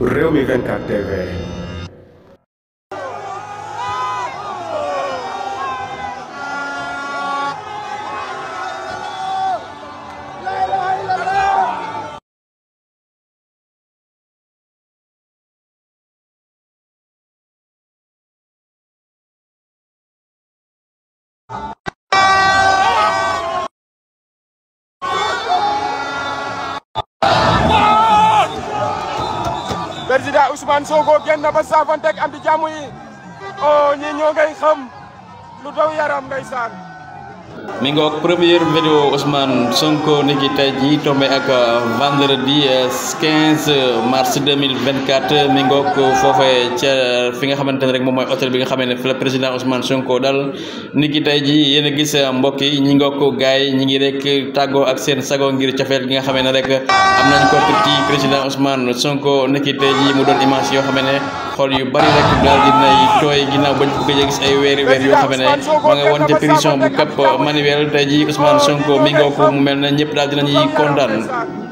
Real 24 TV président Ousmane Sonko génn na ba saafanteeg am di yi oh ñii ngay xam lu daw yaram ngay saan mi ngi ak première vidéo Ousmane Sonko ni ki tey jii tombé ak euh, vendredi 15 euh, mars 2024 mi ngi ak foofee ca fi nga xamante ne rek moom mooy hôtel bi nga xamee ne fi la président Ousmane Sonko dal ni ki tey jii yéen a gis euh, mbokk yi ñi ngi ak gars yi ñi ngi rek tàggoo ak seen sago ngir cofeel gi nga xamee ne rek am nañ ko ci président Ousmane Sonko ni ki tey mu doon image yoo xamee ne xool yu bari rek daal di nay tooy ginnaaw bañ ko gëj a gis ay weeri weer yoo xam ne ma nga woon ca prison bu Cap Manuel tey ji Ousmane Sonko mi ngoo ko mu mel ne ñëpp daal dinañuy kontaan